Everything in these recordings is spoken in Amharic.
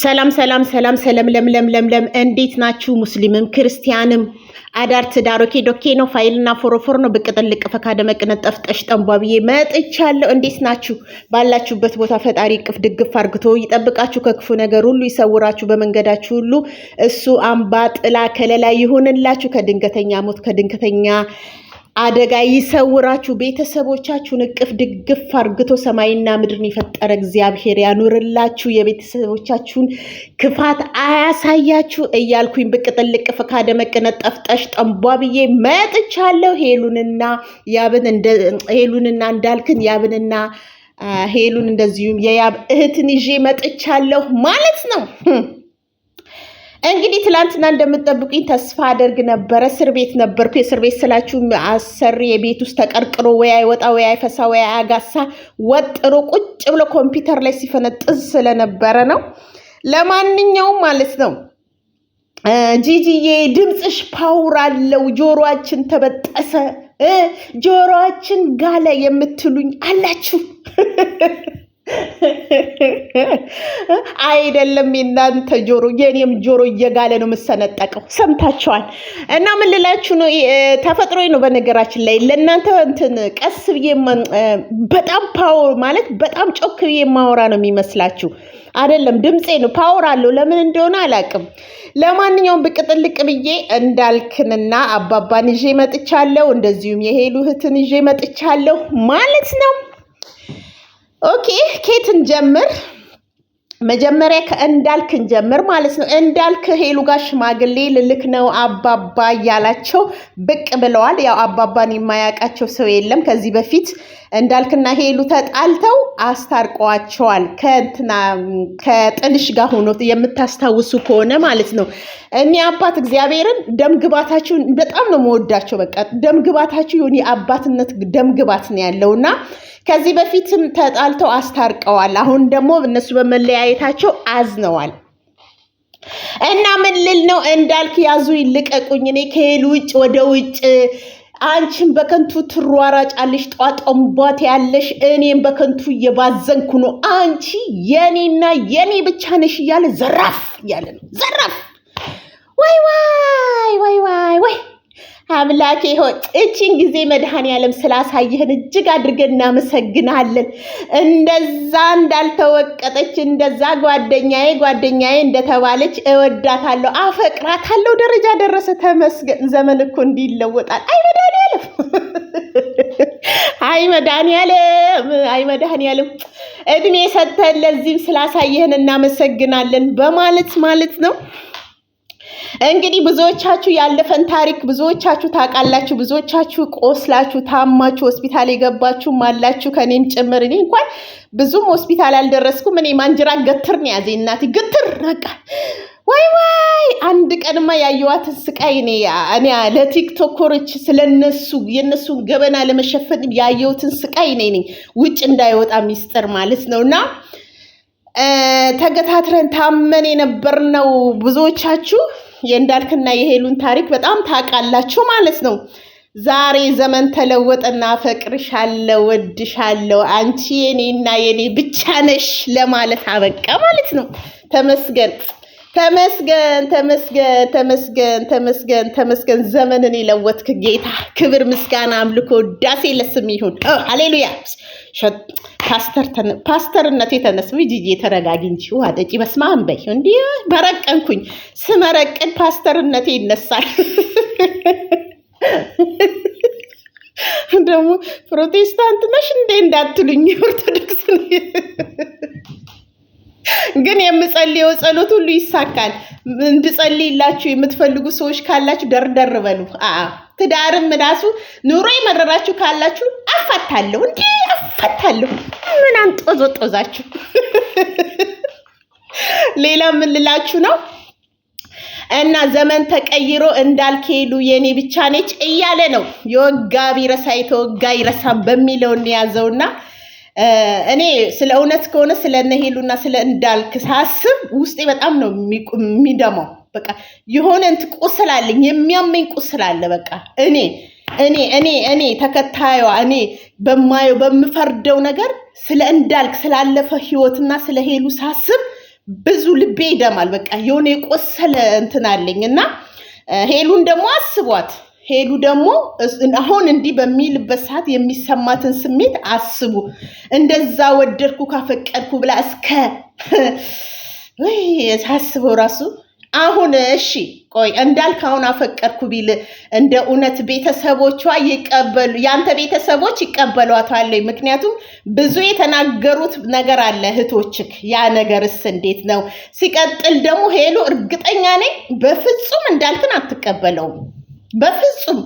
ሰላም ሰላም ሰላም ሰለም ለምለም ለምለም እንዴት ናችሁ? ሙስሊምም ክርስቲያንም አዳር ትዳር ኦኬ ዶኬ ነው። ፋይልና ፎሮፎር ነው። ብቅ ጥልቅ ፈካ ደመቅ ነጠፍ ጠሽ ጠንቧ መጥቻለሁ። እንዴት ናችሁ? ባላችሁበት ቦታ ፈጣሪ እቅፍ ድግፍ አርግቶ ይጠብቃችሁ፣ ከክፉ ነገር ሁሉ ይሰውራችሁ፣ በመንገዳችሁ ሁሉ እሱ አምባ ጥላ ከለላ ይሁንላችሁ ከድንገተኛ ሞት ከድንገተኛ አደጋ ይሰውራችሁ። ቤተሰቦቻችሁን እቅፍ ድግፍ አርግቶ ሰማይና ምድርን የፈጠረ እግዚአብሔር ያኑርላችሁ። የቤተሰቦቻችሁን ክፋት አያሳያችሁ እያልኩኝ ብቅ ጥልቅ ፈካደመቅነ ጠፍጠሽ ጠንቧ ብዬ መጥቻለሁ። ሄሉንና ያብን ሄሉንና እንዳልክን ያብንና ሄሉን እንደዚሁም የያብ እህትን ይዤ መጥቻለሁ ማለት ነው። እንግዲህ ትላንትና እንደምጠብቁኝ ተስፋ አደርግ ነበረ። እስር ቤት ነበርኩ። የእስር ቤት ስላችሁ አሰሪ የቤት ውስጥ ተቀርቅሮ ወይ አይወጣ ወይ አይፈሳ ወይ አያጋሳ ወጥሮ ቁጭ ብሎ ኮምፒውተር ላይ ሲፈነጥዝ ስለነበረ ነው። ለማንኛውም ማለት ነው ጂጂዬ ድምፅሽ ፓውር አለው። ጆሮችን ተበጠሰ፣ ጆሮችን ጋለ የምትሉኝ አላችሁ። አይደለም የእናንተ ጆሮ የኔም ጆሮ እየጋለ ነው የምሰነጠቀው። ሰምታችኋል። እና ምን ልላችሁ ነው፣ ተፈጥሮ ነው በነገራችን ላይ ለእናንተ እንትን ቀስ ብዬ በጣም ፓወር ማለት በጣም ጮክ ብዬ የማወራ ነው የሚመስላችሁ። አይደለም ድምፄ ነው ፓወር አለው። ለምን እንደሆነ አላውቅም። ለማንኛውም ብቅ ጥልቅ ብዬ እንዳልክንና አባባን ይዤ መጥቻለሁ። እንደዚሁም የሄሉ እህትን ይዤ መጥቻለሁ ማለት ነው። ኦኬ ኬትን ጀምር መጀመሪያ ከእንዳልክ እንጀምር ማለት ነው። እንዳልክ ሄሉ ጋር ሽማግሌ ልልክ ነው አባባ እያላቸው ብቅ ብለዋል። ያው አባባን የማያውቃቸው ሰው የለም። ከዚህ በፊት እንዳልክና ሄሉ ተጣልተው አስታርቀዋቸዋል። ከእንትና ከጥንሽ ጋር ሆኖ የምታስታውሱ ከሆነ ማለት ነው። እኔ አባት እግዚአብሔርን ደምግባታችሁን በጣም ነው መወዳቸው። በቃ ደምግባታችሁ የሆነ የአባትነት ደምግባት ነው ያለውና ከዚህ በፊትም ተጣልተው አስታርቀዋል። አሁን ደግሞ እነሱ በመለያየታቸው አዝነዋል። እና ምን ልል ነው እንዳልክ ያዙ ይልቀቁኝ። እኔ ከሄል ውጭ ወደ ውጭ አንቺን በከንቱ ትሯራጫለሽ፣ ጧጠንቧት ያለሽ እኔም በከንቱ እየባዘንኩ ነው። አንቺ የኔና የኔ ብቻ ነሽ እያለ ዘራፍ እያለ ነው። ዘራፍ ወይ ወይ ወይ ወይ ወይ አምላኬ ሆይ እቺን ጊዜ መድኃኔ ዓለም ስላሳየህን እጅግ አድርገን እናመሰግናለን። እንደዛ እንዳልተወቀጠች እንደዛ ጓደኛዬ ጓደኛዬ እንደተባለች እወዳታለሁ፣ አፈቅራታለሁ ደረጃ ደረሰ። ተመስገን። ዘመን እኮ እንዲህ ይለወጣል። አይ መድኃኔ ዓለም አይ መድኃኔ ዓለም አይ መድኃኔ ዓለም እድሜ ሰጥተን ለዚህም ስላሳየህን እናመሰግናለን በማለት ማለት ነው እንግዲህ ብዙዎቻችሁ ያለፈን ታሪክ ብዙዎቻችሁ ታውቃላችሁ። ብዙዎቻችሁ ቆስላችሁ ታማችሁ ሆስፒታል የገባችሁ አላችሁ፣ ከኔም ጭምር። እኔ እንኳን ብዙም ሆስፒታል አልደረስኩም። እኔ ማንጅራ ገትር ነው ያዘኝ እናቴ ግትር በቃ ወይ ወይ አንድ ቀንማ ያየዋትን ስቃይ እኔ እኔ ለቲክቶኮሮች ስለነሱ የነሱን ገበና ለመሸፈን ያየሁትን ስቃይ እኔ ነኝ ውጭ እንዳይወጣ ሚስጥር ማለት ነው እና ተገታትረን ታመን የነበር ነው ብዙዎቻችሁ የእንዳልክና የሄሉን ታሪክ በጣም ታውቃላችሁ ማለት ነው። ዛሬ ዘመን ተለወጠና አፈቅርሻለሁ፣ ወድሻለሁ፣ አንቺ የኔና የኔ ብቻ ነሽ ለማለት አበቃ ማለት ነው። ተመስገን። ተመስገን ተመስገን ተመስገን ተመስገን ተመስገን ዘመንን የለወጥክ ጌታ፣ ክብር ምስጋና፣ አምልኮ፣ ዳሴ ለስም ይሁን። አሌሉያ። ፓስተርነት የተነስ ጅዬ ተረጋጊ እንጂ ዋጠጪ በስመ አብ በይ። እንዲህ በረቀንኩኝ ስመረቅን ፓስተርነቴ ይነሳል። ደግሞ ፕሮቴስታንት ነሽ እንዴ እንዳትሉኝ ኦርቶዶክስ ግን የምጸልየው ጸሎት ሁሉ ይሳካል። እንድጸልይላችሁ የምትፈልጉ ሰዎች ካላችሁ ደርደር በሉ። ትዳርም ራሱ ኑሮ የመረራችሁ ካላችሁ አፋታለሁ፣ እንዲ አፋታለሁ። ምናን ጦዞ ጦዛችሁ። ሌላ ምን ልላችሁ ነው? እና ዘመን ተቀይሮ እንዳልከሄሉ የኔ ብቻ ነች እያለ ነው። የወጋ ቢረሳ የተወጋ ይረሳም በሚለውን የያዘውና እኔ ስለ እውነት ከሆነ ስለ ነሄሉና ስለ እንዳልክ ሳስብ ውስጤ በጣም ነው የሚደማው። በቃ የሆነ እንትን ቁስል አለኝ፣ የሚያመኝ ቁስል አለ። በቃ እኔ እኔ እኔ እኔ ተከታዩዋ እኔ በማየው በምፈርደው ነገር ስለ እንዳልክ ስላለፈ ህይወትና ስለ ሄሉ ሳስብ ብዙ ልቤ ይደማል። በቃ የሆነ የቆሰለ እንትን አለኝ እና ሄሉን ደግሞ አስቧት ሄሉ ደግሞ አሁን እንዲህ በሚልበት ሰዓት የሚሰማትን ስሜት አስቡ። እንደዛ ወደድኩ ካፈቀድኩ ብላ እስከ ሳስበው ራሱ አሁን እሺ ቆይ እንዳልክ አሁን አፈቀድኩ ቢል እንደ እውነት ቤተሰቦቿ ይቀበሉ ያንተ ቤተሰቦች ይቀበሏታል? ምክንያቱም ብዙ የተናገሩት ነገር አለ እህቶችክ። ያ ነገርስ እንዴት ነው? ሲቀጥል ደግሞ ሄሎ እርግጠኛ ነኝ በፍጹም እንዳልክን አትቀበለውም። በፍጹም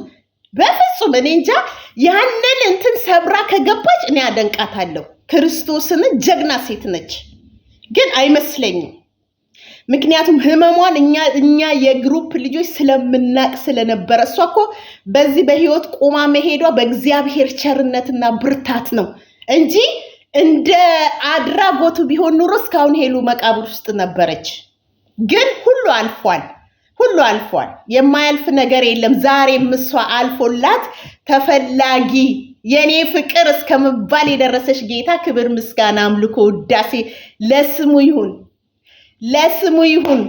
በፍጹም እኔ እንጃ። ያንን እንትን ሰብራ ከገባች እኔ አደንቃታለሁ። ክርስቶስን ጀግና ሴት ነች፣ ግን አይመስለኝም። ምክንያቱም ህመሟን እኛ እኛ የግሩፕ ልጆች ስለምናቅ ስለነበረ እሷ እኮ በዚህ በህይወት ቆማ መሄዷ በእግዚአብሔር ቸርነትና ብርታት ነው እንጂ እንደ አድራጎቱ ቢሆን ኑሮ እስካሁን ሄሉ መቃብር ውስጥ ነበረች። ግን ሁሉ አልፏል። ሁሉ አልፏል። የማያልፍ ነገር የለም። ዛሬም እሷ አልፎላት ተፈላጊ የኔ ፍቅር እስከምባል የደረሰች ጌታ ክብር፣ ምስጋና፣ አምልኮ፣ ውዳሴ ለስሙ ይሁን፣ ለስሙ ይሁን።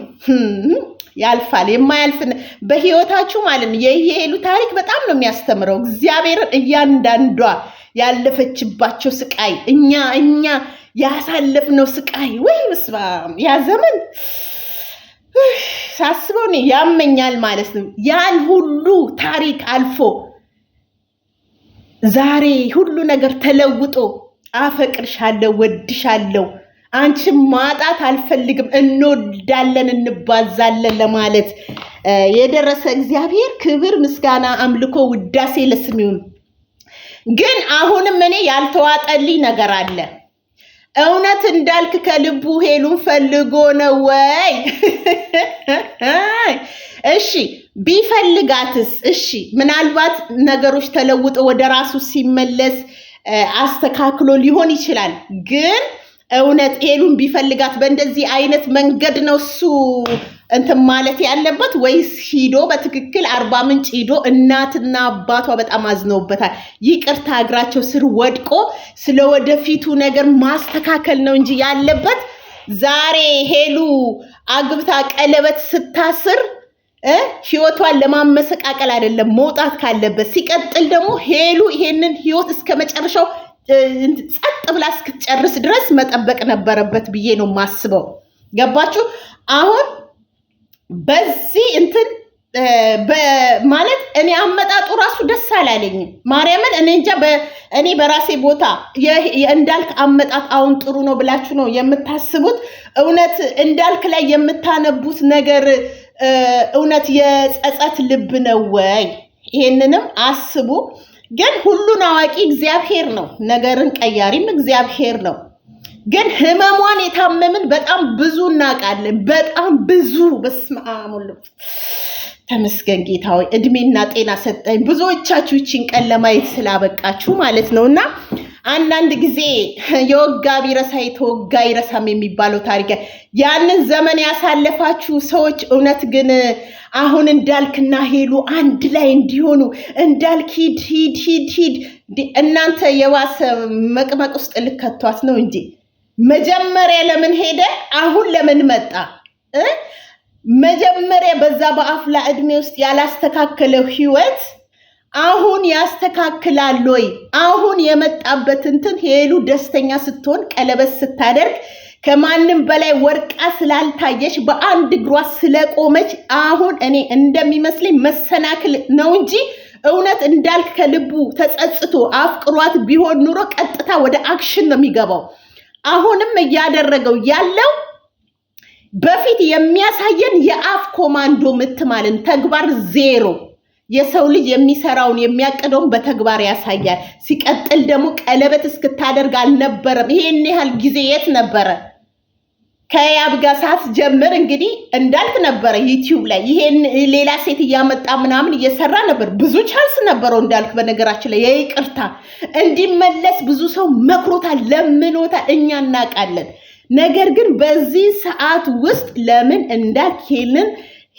ያልፋል። የማያልፍ በህይወታችሁ ማለት ነው። የኢያኤሉ ታሪክ በጣም ነው የሚያስተምረው። እግዚአብሔር እያንዳንዷ ያለፈችባቸው ስቃይ እኛ እኛ ያሳለፍነው ስቃይ ወይ ያ ዘመን ሳስበው እኔ ያመኛል ማለት ነው። ያን ሁሉ ታሪክ አልፎ ዛሬ ሁሉ ነገር ተለውጦ አፈቅርሻለሁ፣ ወድሻለሁ፣ አንቺን ማጣት አልፈልግም፣ እንወዳለን፣ እንባዛለን ለማለት የደረሰ እግዚአብሔር ክብር፣ ምስጋና፣ አምልኮ፣ ውዳሴ ለስሙ ይሁን። ግን አሁንም እኔ ያልተዋጠልኝ ነገር አለ። እውነት እንዳልክ ከልቡ ሄሉን ፈልጎ ነው ወይ? እሺ ቢፈልጋትስ? እሺ ምናልባት ነገሮች ተለውጦ ወደ ራሱ ሲመለስ አስተካክሎ ሊሆን ይችላል። ግን እውነት ሄሉን ቢፈልጋት በእንደዚህ አይነት መንገድ ነው እሱ እንትን ማለት ያለበት ወይስ ሂዶ በትክክል አርባ ምንጭ ሂዶ እናትና አባቷ በጣም አዝነውበታል፣ ይቅርታ እግራቸው ስር ወድቆ ስለ ወደፊቱ ነገር ማስተካከል ነው እንጂ ያለበት ዛሬ ሄሉ አግብታ ቀለበት ስታስር ህይወቷን ለማመሰቃቀል አይደለም መውጣት ካለበት። ሲቀጥል ደግሞ ሄሉ ይሄንን ህይወት እስከ መጨረሻው ጸጥ ብላ እስክትጨርስ ድረስ መጠበቅ ነበረበት ብዬ ነው የማስበው። ገባችሁ አሁን በዚህ እንትን ማለት እኔ አመጣጡ ራሱ ደስ አላለኝም። ማርያምን እኔ እንጃ። እኔ በራሴ ቦታ እንዳልክ አመጣት አሁን ጥሩ ነው ብላችሁ ነው የምታስቡት? እውነት እንዳልክ ላይ የምታነቡት ነገር እውነት የጸጸት ልብ ነው ወይ? ይሄንንም አስቡ። ግን ሁሉን አዋቂ እግዚአብሔር ነው። ነገርን ቀያሪም እግዚአብሔር ነው። ግን ህመሟን የታመምን በጣም ብዙ እናውቃለን። በጣም ብዙ በስማሙሉ ተመስገን ጌታ ሆይ እድሜና ጤና ሰጠኝ። ብዙዎቻችሁ ይችን ቀን ለማየት ስላበቃችሁ ማለት ነው። እና አንዳንድ ጊዜ የወጋ ቢረሳ የተወጋ ይረሳም የሚባለው ታሪክ ያንን ዘመን ያሳለፋችሁ ሰዎች እውነት ግን አሁን እንዳልክና ሄሉ አንድ ላይ እንዲሆኑ እንዳልክ ሂድ ሂድ ሂድ ሂድ እናንተ የባሰ መቅመቅ ውስጥ ልከቷት ነው እንጂ መጀመሪያ ለምን ሄደ? አሁን ለምን መጣ? መጀመሪያ በዛ በአፍላ እድሜ ውስጥ ያላስተካከለው ህይወት አሁን ያስተካክላል ወይ? አሁን የመጣበት እንትን ሄሉ ደስተኛ ስትሆን ቀለበት ስታደርግ ከማንም በላይ ወርቃ ስላልታየች በአንድ እግሯ ስለቆመች አሁን እኔ እንደሚመስለኝ መሰናክል ነው እንጂ እውነት እንዳልክ ከልቡ ተጸጽቶ አፍቅሯት ቢሆን ኑሮ ቀጥታ ወደ አክሽን ነው የሚገባው። አሁንም እያደረገው ያለው በፊት የሚያሳየን የአፍ ኮማንዶ ምት ማለት ተግባር ዜሮ። የሰው ልጅ የሚሰራውን የሚያቅደውን በተግባር ያሳያል። ሲቀጥል ደግሞ ቀለበት እስክታደርግ አልነበረም። ይሄን ያህል ጊዜ የት ነበረ? ከያብ ጋር ሳትጀምር እንግዲህ እንዳልክ ነበረ ዩቲዩብ ላይ ይሄን ሌላ ሴት እያመጣ ምናምን እየሰራ ነበር። ብዙ ቻንስ ነበረው እንዳልክ። በነገራችን ላይ የይቅርታ እንዲመለስ ብዙ ሰው መክሮታል፣ ለምኖታል። እኛ እናውቃለን። ነገር ግን በዚህ ሰዓት ውስጥ ለምን እንዳልክ ሄልን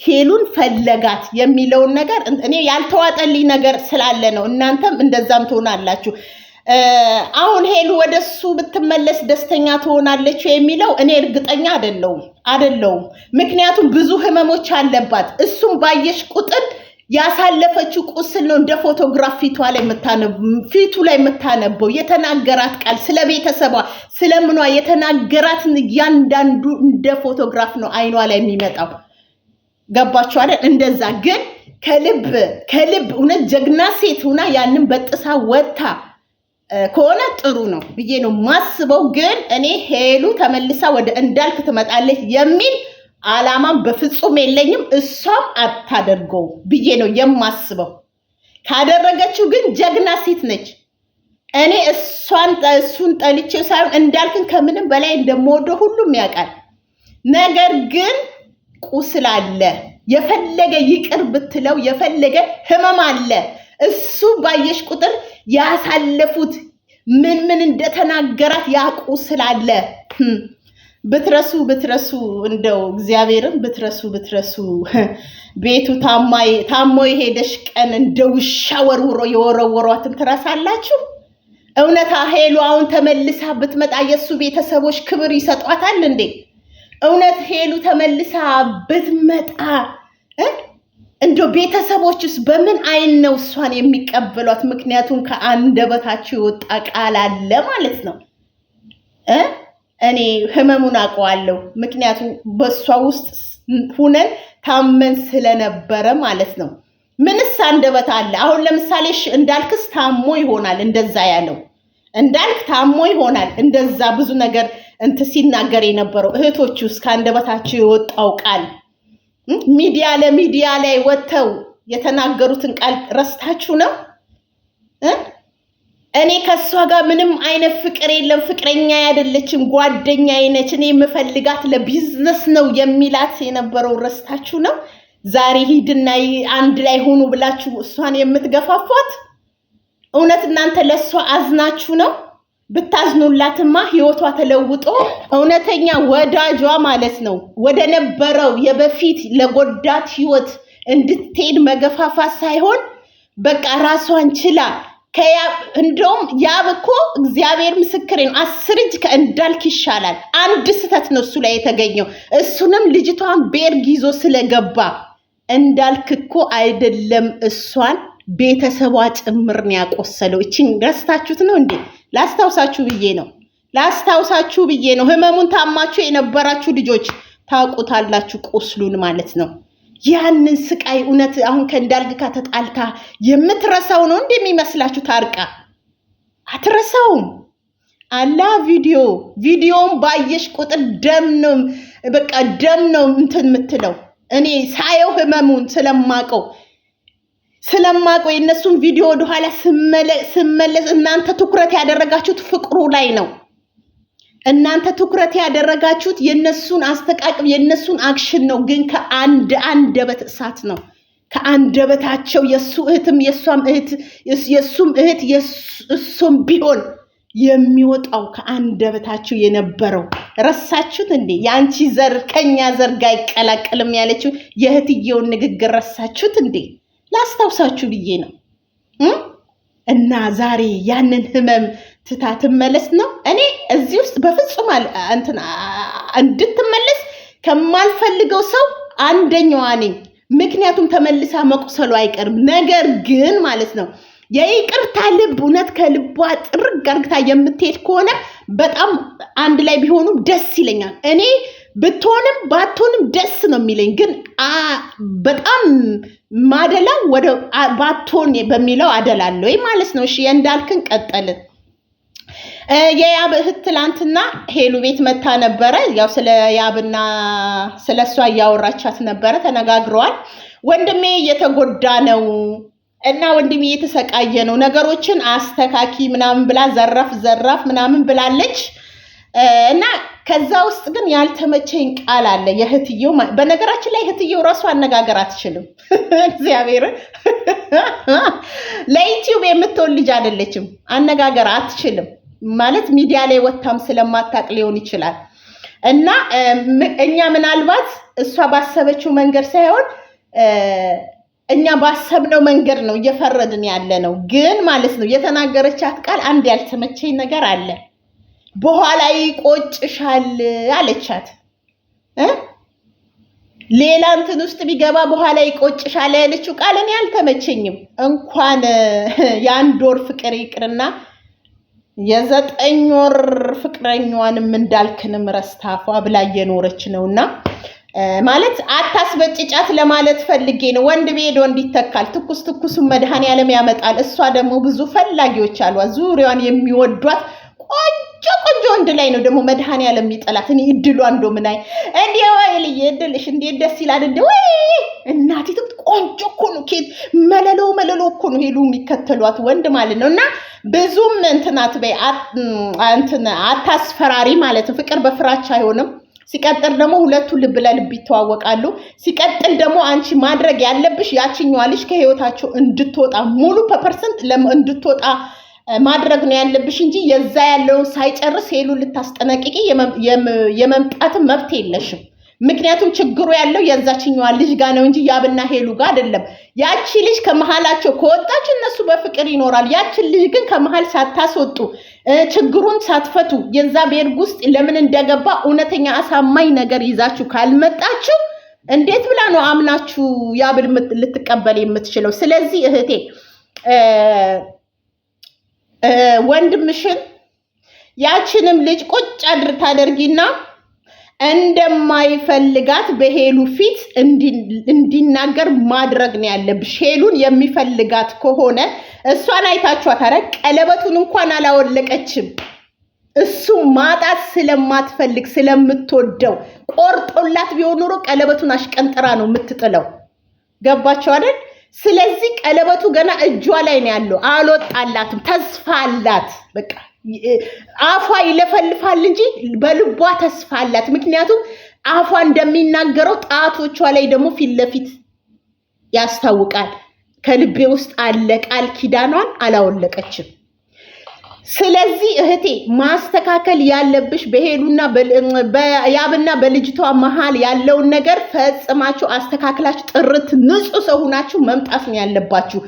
ሄሉን ፈለጋት የሚለውን ነገር እኔ ያልተዋጠልኝ ነገር ስላለ ነው። እናንተም እንደዛም ትሆናላችሁ። አሁን ሄሉ ወደ እሱ ብትመለስ ደስተኛ ትሆናለች የሚለው እኔ እርግጠኛ አደለውም አደለውም። ምክንያቱም ብዙ ህመሞች አለባት። እሱም ባየሽ ቁጥር ያሳለፈችው ቁስል ነው እንደ ፎቶግራፍ ፊቷ ላይ ፊቱ ላይ የምታነበው የተናገራት ቃል ስለ ቤተሰቧ ስለምኗ የተናገራትን እያንዳንዱ እንደ ፎቶግራፍ ነው አይኗ ላይ የሚመጣው። ገባችሁ እንደዛ ግን ከልብ ከልብ እውነት ጀግና ሴት ሁና ያንን በጥሳ ወጥታ ከሆነ ጥሩ ነው ብዬ ነው ማስበው። ግን እኔ ሄሉ ተመልሳ ወደ እንዳልክ ትመጣለች የሚል አላማም በፍጹም የለኝም። እሷም አታደርገው ብዬ ነው የማስበው። ካደረገችው ግን ጀግና ሴት ነች። እኔ እሷን እሱን ጠልቼ ሳይሆን እንዳልክን ከምንም በላይ እንደምወደው ሁሉም ያውቃል። ነገር ግን ቁስል አለ። የፈለገ ይቅር ብትለው የፈለገ ህመም አለ። እሱ ባየሽ ቁጥር ያሳለፉት ምን ምን እንደተናገራት ያውቁ ስላለ hm ብትረሱ ብትረሱ እንደው እግዚአብሔርን ብትረሱ ብትረሱ hm ቤቱ ታሞ የሄደሽ ቀን እንደ ውሻ ወርውሮ የወረወሯትን ትረሳላችሁ። እውነት ሄሉ አሁን ተመልሳ ብትመጣ የእሱ ቤተሰቦች ክብር ይሰጧታል እንዴ? እውነት ሄሉ ተመልሳ ብትመጣ ቤተሰቦች ቤተሰቦችስ በምን አይን ነው እሷን የሚቀበሏት? ምክንያቱም ከአንደበታቸው የወጣ ቃል አለ ማለት ነው። እኔ ህመሙን አውቀዋለሁ። ምክንያቱም በእሷ ውስጥ ሁነን ታመን ስለነበረ ማለት ነው። ምንስ አንደበት አለ? አሁን ለምሳሌ እንዳልክስ ታሞ ይሆናል እንደዛ ያለው እንዳልክ ታሞ ይሆናል እንደዛ ብዙ ነገር እንት ሲናገር የነበረው እህቶቹስ ከአንደበታቸው የወጣው ቃል ሚዲያ ለሚዲያ ላይ ወጥተው የተናገሩትን ቃል ረስታችሁ ነው። እኔ ከእሷ ጋር ምንም አይነት ፍቅር የለም፣ ፍቅረኛ አይደለችም፣ ጓደኛ አይነች፣ እኔ የምፈልጋት ለቢዝነስ ነው የሚላት የነበረው ረስታችሁ ነው። ዛሬ ሂድና አንድ ላይ ሆኑ ብላችሁ እሷን የምትገፋፏት እውነት እናንተ ለእሷ አዝናችሁ ነው። ብታዝኑላትማ ህይወቷ ተለውጦ እውነተኛ ወዳጇ ማለት ነው ወደ ነበረው የበፊት ለጎዳት ህይወት እንድትሄድ መገፋፋት ሳይሆን በቃ ራሷን ችላ እንደውም ያብ እኮ እግዚአብሔር ምስክሬን አስር እጅ ከእንዳልክ ይሻላል። አንድ ስህተት ነው እሱ ላይ የተገኘው። እሱንም ልጅቷን ቤርግ ይዞ ስለገባ እንዳልክ እኮ አይደለም እሷን ቤተሰቧ ጭምር ነው ያቆሰለው። እችን ደስታችሁት ነው እንዴ? ላስታውሳችሁ ብዬ ነው፣ ላስታውሳችሁ ብዬ ነው። ህመሙን ታማችሁ የነበራችሁ ልጆች ታውቁታላችሁ፣ ቁስሉን ማለት ነው። ያንን ስቃይ እውነት አሁን ከእንዳልግ ጋር ተጣልታ የምትረሳው ነው እንዴ የሚመስላችሁ? ታርቃ አትረሳውም። አላ ቪዲዮ ቪዲዮም ባየሽ ቁጥር ደም ነው በቃ ደም ነው እንትን የምትለው እኔ ሳየው ህመሙን ስለማቀው ስለማቆይ እነሱን ቪዲዮ ወደኋላ ስመለስ እናንተ ትኩረት ያደረጋችሁት ፍቅሩ ላይ ነው። እናንተ ትኩረት ያደረጋችሁት የነሱን አስተቃቅም የነሱን አክሽን ነው። ግን ከአንድ አንደበት እሳት ነው ከአንደበታቸው የሱ እህትም የሷም እህት የሱም እህት እሱም ቢሆን የሚወጣው በታቸው የነበረው ረሳችሁት እንዴ? የአንቺ ዘር ከኛ ዘር ጋር አይቀላቀልም ያለችው የእህትየውን ንግግር ረሳችሁት እንዴ? ላስታውሳችሁ ብዬ ነው። እና ዛሬ ያንን ህመም ትታ ትመለስ ነው። እኔ እዚህ ውስጥ በፍጹም እንድትመለስ ከማልፈልገው ሰው አንደኛዋ ነኝ። ምክንያቱም ተመልሳ መቁሰሉ አይቀርም። ነገር ግን ማለት ነው የይቅርታ ልብ እውነት ከልቧ ጥርግ አርግታ የምትሄድ ከሆነ በጣም አንድ ላይ ቢሆኑ ደስ ይለኛል እኔ ብትሆንም ባትሆንም ደስ ነው የሚለኝ። ግን በጣም ማደላው ወደ ባትሆን በሚለው አደላለሁ ማለት ነው። እሺ የእንዳልክን ቀጠልን። የያብ እህት ትላንትና ሄሉ ቤት መታ ነበረ። ያው ስለ ያብና ስለ እሷ እያወራቻት ነበረ፣ ተነጋግረዋል። ወንድሜ እየተጎዳ ነው እና ወንድሜ እየተሰቃየ ነው፣ ነገሮችን አስተካኪ ምናምን ብላ ዘራፍ ዘራፍ ምናምን ብላለች። እና ከዛ ውስጥ ግን ያልተመቸኝ ቃል አለ። የእህትየው በነገራችን ላይ እህትየው ራሱ አነጋገር አትችልም። እግዚአብሔር ለዩትዩብ የምትሆን ልጅ አይደለችም። አነጋገር አትችልም ማለት ሚዲያ ላይ ወታም ስለማታቅ ሊሆን ይችላል። እና እኛ ምናልባት እሷ ባሰበችው መንገድ ሳይሆን እኛ ባሰብነው መንገድ ነው እየፈረድን ያለ ነው። ግን ማለት ነው የተናገረቻት ቃል አንድ ያልተመቸኝ ነገር አለ በኋላ ይቆጭሻል አለቻት። ሌላ እንትን ውስጥ ቢገባ በኋላ ይቆጭሻል ያለችው ቃል እኔ አልተመቸኝም። እንኳን የአንድ ወር ፍቅር ይቅርና የዘጠኝ ወር ፍቅረኛዋንም እንዳልክንም ረስታፏ ብላ እየኖረች ነውና ማለት አታስበጭጫት ለማለት ፈልጌ ነው። ወንድ ቤዶ እንዲተካል ትኩስ ትኩሱን መድሃን ዓለም ያመጣል። እሷ ደግሞ ብዙ ፈላጊዎች አሏት ዙሪያዋን የሚወዷት ቆንጆ ቆንጆ ወንድ ላይ ነው ደግሞ መድኃኒዓለም የሚጠላት። እኔ እድሏ እንዶ ምናይ እንዲ ወይልዬ እድልሽ እንዴ ደስ ይላል እንደ ወይ እናቴ ትብት ቆንጆ እኮ ነው። ኬት መለሎ መለሎ እኮ ነው ሄሉ የሚከተሏት ወንድ ማለት ነው። እና ብዙም እንትናት በይ እንትን አታስፈራሪ ማለት ፍቅር በፍራቻ አይሆንም። ሲቀጥል ደግሞ ሁለቱ ልብ ለልብ ይተዋወቃሉ። ሲቀጥል ደግሞ አንቺ ማድረግ ያለብሽ ያችኛዋ ልጅ ከህይወታቸው እንድትወጣ ሙሉ በፐርሰንት እንድትወጣ ማድረግ ነው ያለብሽ እንጂ የዛ ያለውን ሳይጨርስ ሄሉ ልታስጠነቅቂ የመምጣትን መብት የለሽም። ምክንያቱም ችግሩ ያለው የዛችኛዋ ልጅ ጋር ነው እንጂ ያብና ሄሉ ጋር አይደለም። ያቺ ልጅ ከመሀላቸው ከወጣች እነሱ በፍቅር ይኖራል። ያቺን ልጅ ግን ከመሀል ሳታስወጡ ችግሩን ሳትፈቱ የዛ ቤርግ ውስጥ ለምን እንደገባ እውነተኛ አሳማኝ ነገር ይዛችሁ ካልመጣችሁ እንዴት ብላ ነው አምናችሁ ያብል ልትቀበል የምትችለው? ስለዚህ እህቴ ወንድምሽን ያችንም ልጅ ቁጭ አድር ታደርጊና እንደማይፈልጋት በሄሉ ፊት እንዲናገር ማድረግ ነው ያለብሽ። ሄሉን የሚፈልጋት ከሆነ እሷን አይታችኋት፣ ኧረ ቀለበቱን እንኳን አላወለቀችም። እሱ ማጣት ስለማትፈልግ ስለምትወደው ቆርጦላት ቢሆን ኖሮ ቀለበቱን አሽቀንጥራ ነው የምትጥለው። ገባቸው አይደል? ስለዚህ ቀለበቱ ገና እጇ ላይ ነው ያለው። አልወጣላትም። ተስፋ አላት። በቃ አፏ ይለፈልፋል እንጂ በልቧ ተስፋ አላት። ምክንያቱም አፏ እንደሚናገረው ጣቶቿ ላይ ደግሞ ፊት ለፊት ያስታውቃል። ከልቤ ውስጥ አለ ቃል ኪዳኗን አላወለቀችም። ስለዚህ እህቴ ማስተካከል ያለብሽ በሄሉና ያብና በልጅቷ መሀል ያለውን ነገር ፈጽማችሁ አስተካክላችሁ ጥርት ንጹህ ሰው ሁናችሁ መምጣት ነው ያለባችሁ።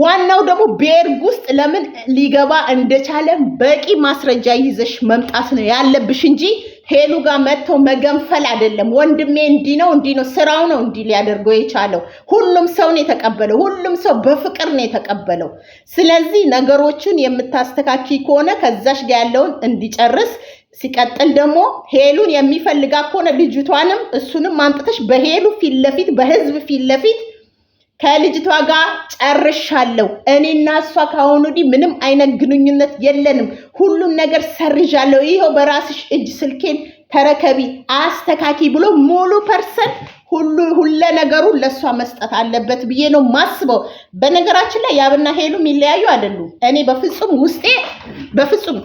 ዋናው ደግሞ ቤርግ ውስጥ ለምን ሊገባ እንደቻለ በቂ ማስረጃ ይዘሽ መምጣት ነው ያለብሽ እንጂ ሄሉ ጋር መጥተው መገንፈል አይደለም። ወንድሜ እንዲህ ነው እንዲህ ነው ስራው ነው እንዲህ ሊያደርገው የቻለው ሁሉም ሰው ነው የተቀበለው። ሁሉም ሰው በፍቅር ነው የተቀበለው። ስለዚህ ነገሮችን የምታስተካኪ ከሆነ ከዛሽ ጋር ያለውን እንዲጨርስ ሲቀጥል ደግሞ ሄሉን የሚፈልጋ ከሆነ ልጅቷንም እሱንም ማምጥተሽ በሄሉ ፊት ለፊት በህዝብ ፊት ለፊት ከልጅቷ ጋር ጨርሻለሁ። እኔና እሷ ከአሁኑ ወዲህ ምንም አይነት ግንኙነት የለንም። ሁሉን ነገር ሰርዣለሁ። ይኸው በራስሽ እጅ ስልኬን ተረከቢ፣ አስተካኪ ብሎ ሙሉ ፐርሰንት ሁሉ ሁለ ነገሩ ለእሷ መስጠት አለበት ብዬ ነው ማስበው። በነገራችን ላይ ያብና ሄሉ የሚለያዩ አይደሉም። እኔ በፍጹም ውስጤ በፍጹም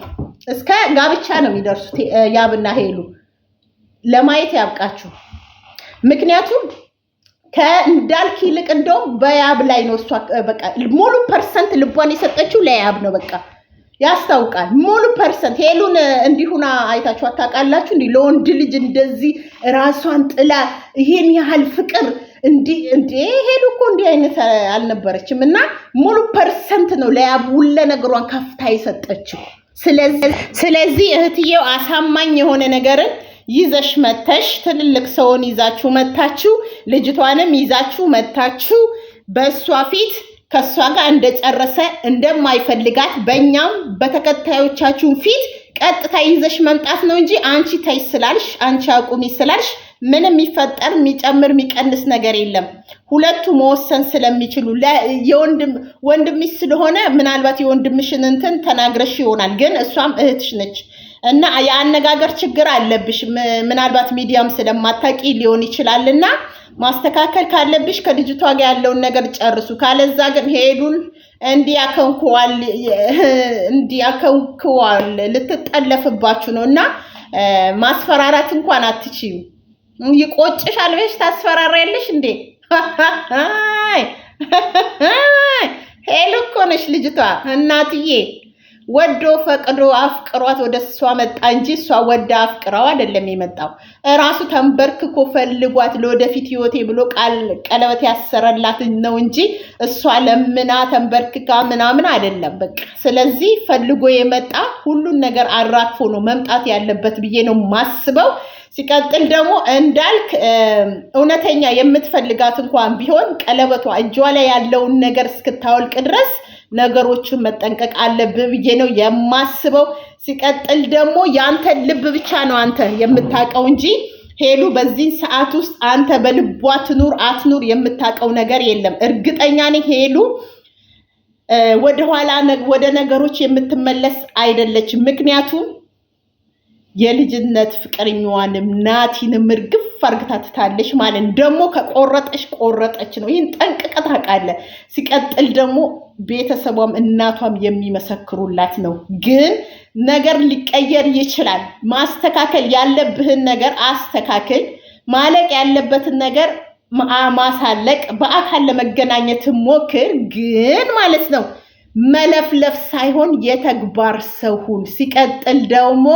እስከ ጋብቻ ነው የሚደርሱት ያብና ሄሉ። ለማየት ያብቃችሁ። ምክንያቱም ከእንዳልክ ይልቅ እንደውም በያብ ላይ ነው እሷ በቃ ሙሉ ፐርሰንት ልቧን የሰጠችው ለያብ ነው። በቃ ያስታውቃል። ሙሉ ፐርሰንት ሄሉን እንዲሁና አይታችሁ አታውቃላችሁ? እንዲህ ለወንድ ልጅ እንደዚህ ራሷን ጥላ ይሄን ያህል ፍቅር እንዲህ ሄሉ እኮ እንዲህ አይነት አልነበረችም። እና ሙሉ ፐርሰንት ነው ለያብ ውለ ነገሯን ከፍታ የሰጠችው። ስለዚህ እህትየው አሳማኝ የሆነ ነገርን ይዘሽ መተሽ ትልልቅ ሰውን ይዛችሁ መታችሁ ልጅቷንም ይዛችሁ መታችሁ በእሷ ፊት ከእሷ ጋር እንደጨረሰ እንደማይፈልጋት በእኛም በተከታዮቻችሁ ፊት ቀጥታ ይዘሽ መምጣት ነው እንጂ አንቺ ተይ ስላልሽ አንቺ አቁሚ ስላልሽ ምንም የሚፈጠር የሚጨምር የሚቀንስ ነገር የለም። ሁለቱ መወሰን ስለሚችሉ ወንድምሽ ስለሆነ ምናልባት የወንድምሽን እንትን ተናግረሽ ይሆናል፣ ግን እሷም እህትሽ ነች። እና የአነጋገር ችግር አለብሽ። ምናልባት ሚዲያም ስለማታቂ ሊሆን ይችላል እና ማስተካከል ካለብሽ ከልጅቷ ጋር ያለውን ነገር ጨርሱ። ካለዛ ግን ሄዱን እንዲያከንክዋል እንዲያከንክዋል ልትጠለፍባችሁ ነው እና ማስፈራራት እንኳን አትችዩ። ይቆጭሻል ብለሽ ታስፈራራያለሽ እንዴ? ሄሉ እኮ ነሽ ልጅቷ እናትዬ። ወዶ ፈቅዶ አፍቅሯት ወደ እሷ መጣ እንጂ እሷ ወደ አፍቅራው አይደለም የመጣው። እራሱ ተንበርክኮ ፈልጓት ለወደፊት ህይወቴ ብሎ ቃል ቀለበት ያሰረላት ነው እንጂ እሷ ለምና ተንበርክካ ምናምን አይደለም። በቃ ስለዚህ ፈልጎ የመጣ ሁሉን ነገር አራክፎ ነው መምጣት ያለበት ብዬ ነው ማስበው። ሲቀጥል ደግሞ እንዳልክ እውነተኛ የምትፈልጋት እንኳን ቢሆን ቀለበቷ እጇ ላይ ያለውን ነገር እስክታወልቅ ድረስ ነገሮችን መጠንቀቅ አለብህ ብዬ ነው የማስበው። ሲቀጥል ደግሞ የአንተን ልብ ብቻ ነው አንተ የምታውቀው እንጂ ሄሉ በዚህ ሰዓት ውስጥ አንተ በልቧ ትኑር አትኑር የምታውቀው ነገር የለም። እርግጠኛ ነኝ ሄሉ ወደኋላ ወደ ነገሮች የምትመለስ አይደለችም። ምክንያቱም የልጅነት ፍቅረኛዋንም ናቲንም እርግፍ አርግታ ትታለች ማለት ደግሞ ከቆረጠች ቆረጠች ነው። ይህን ጠንቅቀት አውቃለሁ። ሲቀጥል ደግሞ ቤተሰቧም እናቷም የሚመሰክሩላት ነው። ግን ነገር ሊቀየር ይችላል። ማስተካከል ያለብህን ነገር አስተካክል። ማለቅ ያለበትን ነገር ማሳለቅ፣ በአካል ለመገናኘት ሞክር። ግን ማለት ነው መለፍለፍ ሳይሆን የተግባር ሰው ሁን። ሲቀጥል ደግሞ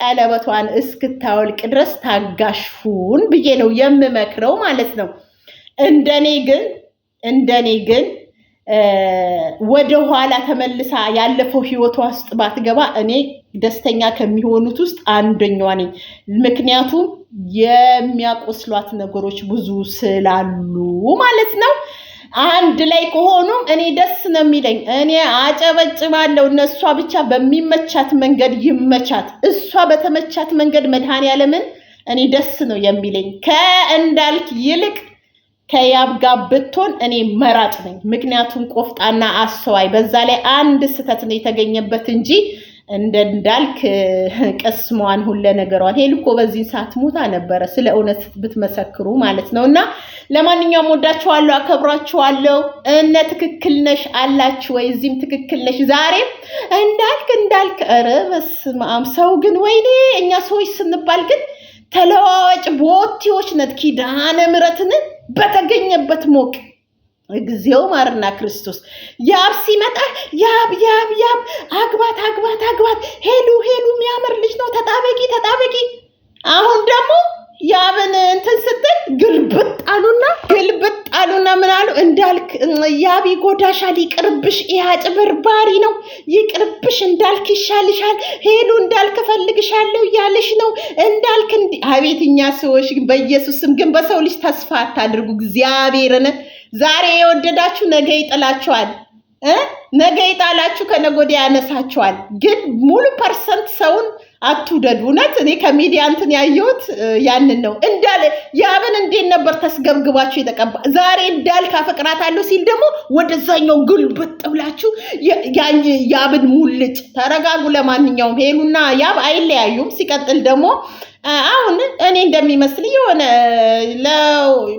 ቀለበቷን እስክታወልቅ ድረስ ታጋሹን ብዬ ነው የምመክረው ማለት ነው። እንደኔ ግን እንደኔ ግን ወደ ኋላ ተመልሳ ያለፈው ህይወቷ ውስጥ ባትገባ እኔ ደስተኛ ከሚሆኑት ውስጥ አንደኛዋ ነኝ። ምክንያቱም የሚያቆስሏት ነገሮች ብዙ ስላሉ ማለት ነው። አንድ ላይ ከሆኑም እኔ ደስ ነው የሚለኝ። እኔ አጨበጭባለሁ። እነሷ ብቻ በሚመቻት መንገድ ይመቻት፣ እሷ በተመቻት መንገድ ያለምን እኔ ደስ ነው የሚለኝ። ከእንዳልክ ይልቅ ከያብ ጋር ብትሆን እኔ መራጭ ነኝ። ምክንያቱም ቆፍጣና አስተዋይ፣ በዛ ላይ አንድ ስህተት ነው የተገኘበት እንጂ እንደ እንዳልክ ቅስሟን ሁለ ነገሯን ሄል እኮ በዚህ ሰዓት ሞታ ነበረ። ስለ እውነት ብትመሰክሩ ማለት ነው። እና ለማንኛውም ወዳችኋለሁ፣ አከብሯችኋለሁ። እነ ትክክል ነሽ አላችሁ ወይ? እዚህም ትክክል ነሽ። ዛሬም እንዳልክ እንዳልክ ኧረ በስመ አብ ሰው ግን ወይኔ፣ እኛ ሰዎች ስንባል ግን ተለዋዋጭ ቦቴዎች ነት ኪዳነ ምሕረትን በተገኘበት ሞቅ እግዚኦ ማርና ክርስቶስ ያብ ሲመጣ ያብ ያብ ያብ አግባት አግባት አግባት ሄሉ ሄሉ የሚያምር ልጅ ነው ተጣበቂ ተጣበቂ አሁን ደግሞ ያብን እንትን ስትል ግልብጥ አሉና ግልብጥ አሉና ምን አሉ እንዳልክ ያብ ይጎዳሻል፣ ይቅርብሽ፣ ያጭበርባሪ ነው፣ ይቅርብሽ፣ እንዳልክ ይሻልሻል፣ ሄሉ እንዳልክ እፈልግሻለሁ እያለሽ ነው እንዳልክ። አቤት እኛ ሰዎች በኢየሱስም ግን በሰው ልጅ ተስፋ አታድርጉ። እግዚአብሔርን ዛሬ የወደዳችሁ ነገ ይጥላችኋል። ነገ ይጣላችሁ፣ ከነገ ወዲያ ያነሳችኋል። ግን ሙሉ ፐርሰንት ሰውን አትውደዱ። እውነት እኔ ከሚዲያ እንትን ያየሁት ያንን ነው እንዳለ ያብን እንዴት ነበር ተስገብግባችሁ የተቀባ ዛሬ እንዳልክ አፈቅራታለሁ ሲል ደግሞ ወደዛኛው ግልብጥ ብላችሁ ያብን ሙልጭ። ተረጋጉ። ለማንኛውም ሄሉና ያብ አይለያዩም። ሲቀጥል ደግሞ አሁን እኔ እንደሚመስል የሆነ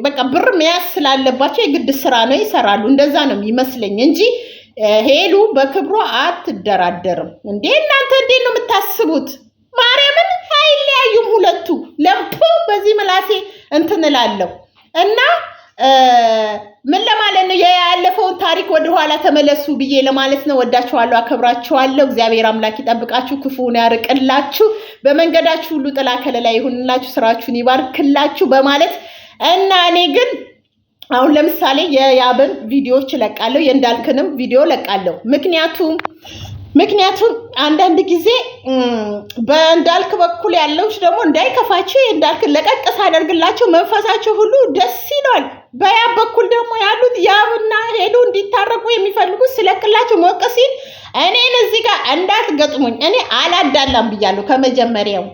በቃ ብር መያዝ ስላለባቸው የግድ ስራ ነው ይሰራሉ። እንደዛ ነው የሚመስለኝ እንጂ ሄሉ በክብሯ አትደራደርም። እንዴ እናንተ እንዴት ነው የምታስቡት? ማርያምን አይለያዩም ሁለቱ ለምፖ በዚህ ምላሴ እንትንላለሁ እና ምን ለማለት ነው ያለፈውን ታሪክ ወደኋላ ተመለሱ ብዬ ለማለት ነው። ወዳችኋለሁ፣ አከብራችኋለሁ። እግዚአብሔር አምላክ ይጠብቃችሁ፣ ክፉን ያርቅላችሁ፣ በመንገዳችሁ ሁሉ ጥላ ከለላ ይሁንላችሁ፣ ስራችሁን ይባርክላችሁ በማለት እና እኔ ግን አሁን ለምሳሌ የያብን ቪዲዮዎች እለቃለሁ፣ የእንዳልክንም ቪዲዮ እለቃለሁ። ምክንያቱም ምክንያቱም አንዳንድ ጊዜ በእንዳልክ በኩል ያለውች ደግሞ እንዳይከፋቸው እንዳልክ ለቀቅ ሳደርግላቸው መንፈሳቸው ሁሉ ደስ ይሏል። በያ በኩል ደግሞ ያሉት ያብና ሄዱ እንዲታረቁ የሚፈልጉት ስለቅላቸው ሞቅ ሲል እኔን እዚህ ጋር እንዳትገጥሙኝ፣ እኔ አላዳላም ብያለሁ ከመጀመሪያው።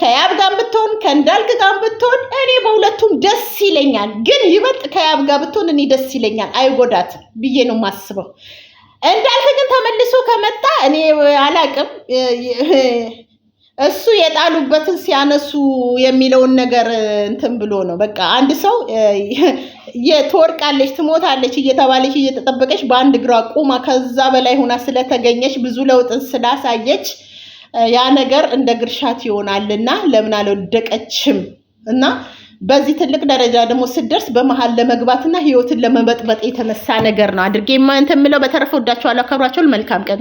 ከያብ ጋር ብትሆን ከእንዳልክ ጋር ብትሆን እኔ በሁለቱም ደስ ይለኛል። ግን ይበልጥ ከያብ ጋር ብትሆን እኔ ደስ ይለኛል፣ አይጎዳት ብዬ ነው የማስበው። እንዳልክ ግን ተመልሶ ከመጣ እኔ አላቅም። እሱ የጣሉበትን ሲያነሱ የሚለውን ነገር እንትን ብሎ ነው። በቃ አንድ ሰው ትወርቃለች ትሞታለች እየተባለች እየተጠበቀች በአንድ እግሯ ቁማ ከዛ በላይ ሁና ስለተገኘች ብዙ ለውጥን ስላሳየች ያ ነገር እንደ ግርሻት ይሆናልና ለምን አልወደቀችም እና በዚህ ትልቅ ደረጃ ደግሞ ስደርስ በመሀል ለመግባትና ህይወትን ለመበጥበጥ የተነሳ ነገር ነው አድርጌ ማንተ የምለው። በተረፈ ወዳችኋለሁ፣ አከብራችኋለሁ። መልካም ቀን